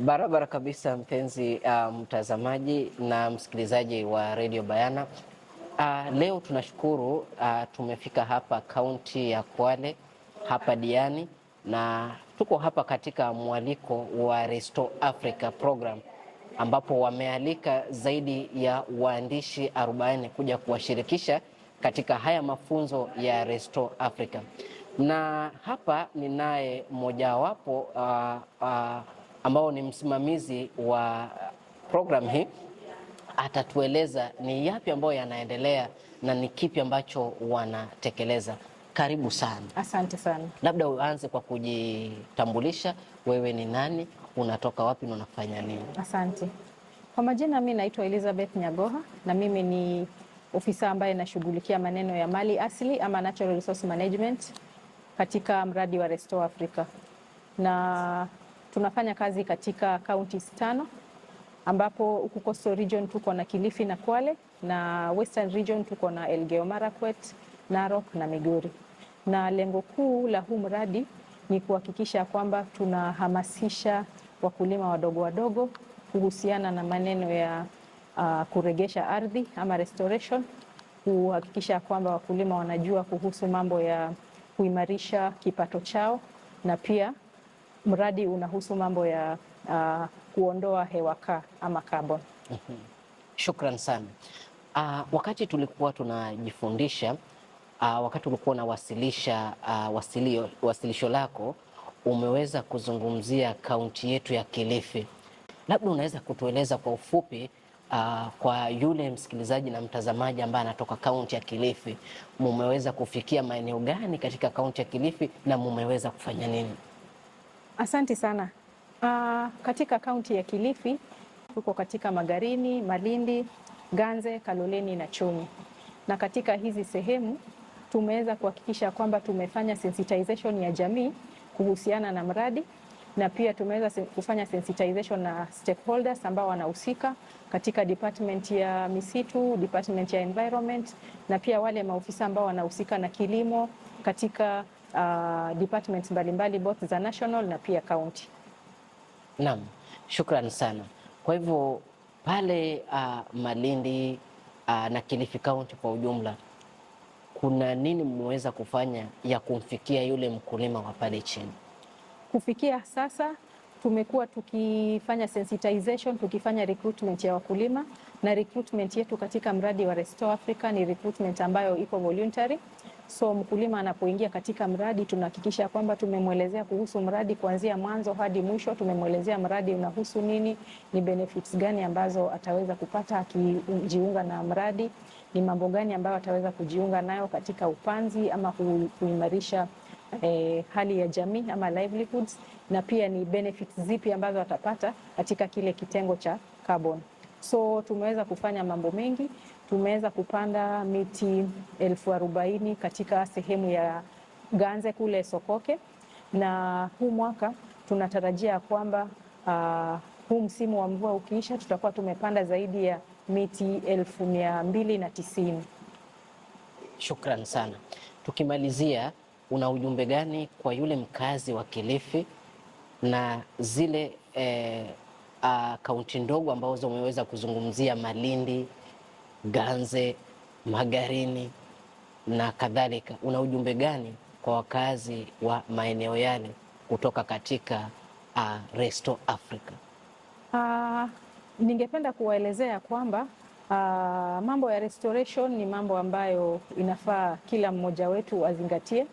Barabara kabisa mpenzi uh, mtazamaji na msikilizaji wa redio Bayana. Uh, leo tunashukuru uh, tumefika hapa kaunti ya Kwale hapa Diani na tuko hapa katika mwaliko wa Restore Africa program ambapo wamealika zaidi ya waandishi 40 kuja kuwashirikisha katika haya mafunzo ya Restore Africa, na hapa ninaye mojawapo uh, uh, ambao ni msimamizi wa uh, program hii atatueleza ni yapi ambayo yanaendelea na ni kipi ambacho wanatekeleza. Karibu sana. Asante sana. Labda uanze kwa kujitambulisha, wewe ni nani, unatoka wapi na unafanya nini? Asante. Kwa majina, mimi naitwa Elizabeth Nyagoha na mimi ni ofisa ambaye nashughulikia maneno ya mali asili ama natural resource management katika mradi wa Restore Africa na tunafanya kazi katika kaunti tano ambapo huku Coastal Region tuko na Kilifi na Kwale na Western Region tuko na Elgeyo Marakwet, Narok na Migori. Na lengo kuu la huu mradi ni kuhakikisha kwamba tunahamasisha wakulima wadogo wadogo kuhusiana na maneno ya uh, kuregesha ardhi ama restoration, kuhakikisha kwamba wakulima wanajua kuhusu mambo ya kuimarisha kipato chao na pia mradi unahusu mambo ya uh, kuondoa hewa kaa ama carbon. Mhm. Shukran sana. Uh, wakati tulikuwa tunajifundisha uh, wakati ulikuwa unawasilisha uh, wasilio, wasilisho lako umeweza kuzungumzia kaunti yetu ya Kilifi, labda unaweza kutueleza kwa ufupi uh, kwa yule msikilizaji na mtazamaji ambaye anatoka kaunti ya Kilifi, mumeweza kufikia maeneo gani katika kaunti ya Kilifi na mumeweza kufanya nini? Asante sana. Uh, katika kaunti ya Kilifi tuko katika Magarini, Malindi, Ganze, Kaloleni na Chumi, na katika hizi sehemu tumeweza kuhakikisha kwamba tumefanya sensitization ya jamii kuhusiana na mradi na pia tumeweza kufanya sensitization na stakeholders ambao wanahusika katika department ya misitu, department ya environment na pia wale maofisa ambao wanahusika na kilimo katika uh, departments mbalimbali both za national na pia county. Naam, shukrani sana. Kwa hivyo pale uh, Malindi uh, na Kilifi County kwa ujumla kuna nini mmeweza kufanya ya kumfikia yule mkulima wa pale chini? Kufikia sasa tumekuwa tukifanya sensitization, tukifanya recruitment ya wakulima, na recruitment yetu katika mradi wa Restore Africa ni recruitment ambayo iko voluntary. So mkulima anapoingia katika mradi tunahakikisha kwamba tumemwelezea kuhusu mradi kuanzia mwanzo hadi mwisho, tumemwelezea mradi unahusu nini, ni benefits gani ambazo ataweza kupata akijiunga na mradi, ni mambo gani ambayo ataweza kujiunga nayo katika upanzi ama kuimarisha eh, hali ya jamii ama livelihoods, na pia ni benefits zipi ambazo atapata katika kile kitengo cha carbon. So tumeweza kufanya mambo mengi tumeweza kupanda miti elfu arobaini katika sehemu ya Ganze kule Sokoke, na huu mwaka tunatarajia ya kwamba uh, huu msimu wa mvua ukiisha, tutakuwa tumepanda zaidi ya miti elfu mia mbili na tisini. Shukran sana. Tukimalizia, una ujumbe gani kwa yule mkazi wa Kilifi na zile eh, ah, kaunti ndogo ambazo umeweza kuzungumzia Malindi Ganze, Magarini na kadhalika, una ujumbe gani kwa wakazi wa maeneo yale kutoka katika uh, Resto Africa? Uh, ningependa kuwaelezea kwamba uh, mambo ya restoration ni mambo ambayo inafaa kila mmoja wetu azingatie.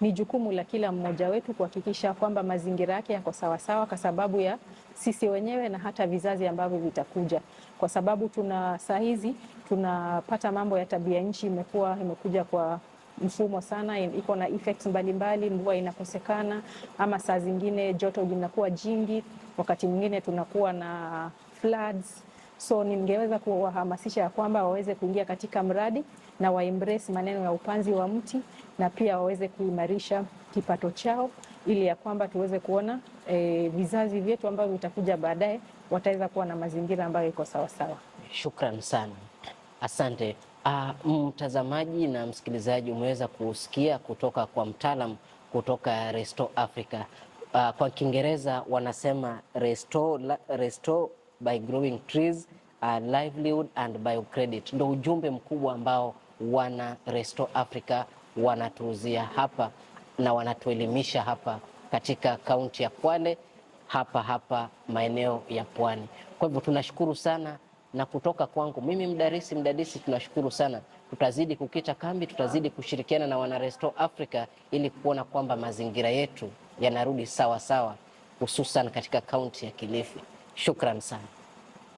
Ni jukumu la kila mmoja wetu kuhakikisha kwamba mazingira yake yako sawasawa, kwa sababu ya sisi wenyewe na hata vizazi ambavyo vitakuja, kwa sababu tuna saa hizi tunapata mambo ya tabia nchi imekuwa imekuja kwa mfumo sana, iko na effects mbalimbali. Mvua inakosekana, ama saa zingine joto linakuwa jingi, wakati mwingine tunakuwa na floods. So ningeweza kuwahamasisha ya kwamba waweze kuingia katika mradi na embrace maneno ya upanzi wa mti na pia waweze kuimarisha kipato chao ili ya kwamba tuweze kuona e, vizazi vyetu ambavyo vitakuja baadaye wataweza kuwa na mazingira ambayo iko sawasawa. Shukran sana. Asante uh, mtazamaji na msikilizaji, umeweza kusikia kutoka kwa mtaalam kutoka Restore Africa. Uh, kwa Kiingereza wanasema restore, restore by growing trees uh, livelihood and biocredit. Ndo ujumbe mkubwa ambao wana Restore Africa wanatuuzia hapa na wanatuelimisha hapa katika kaunti ya Kwale hapa hapa maeneo ya pwani. Kwa hivyo tunashukuru sana na kutoka kwangu mimi mdarisi mdadisi. Tunashukuru sana, tutazidi kukita kambi, tutazidi kushirikiana na wana Resto Africa ili kuona kwamba mazingira yetu yanarudi sawa sawa, hususan katika kaunti ya Kilifi. Shukran sana.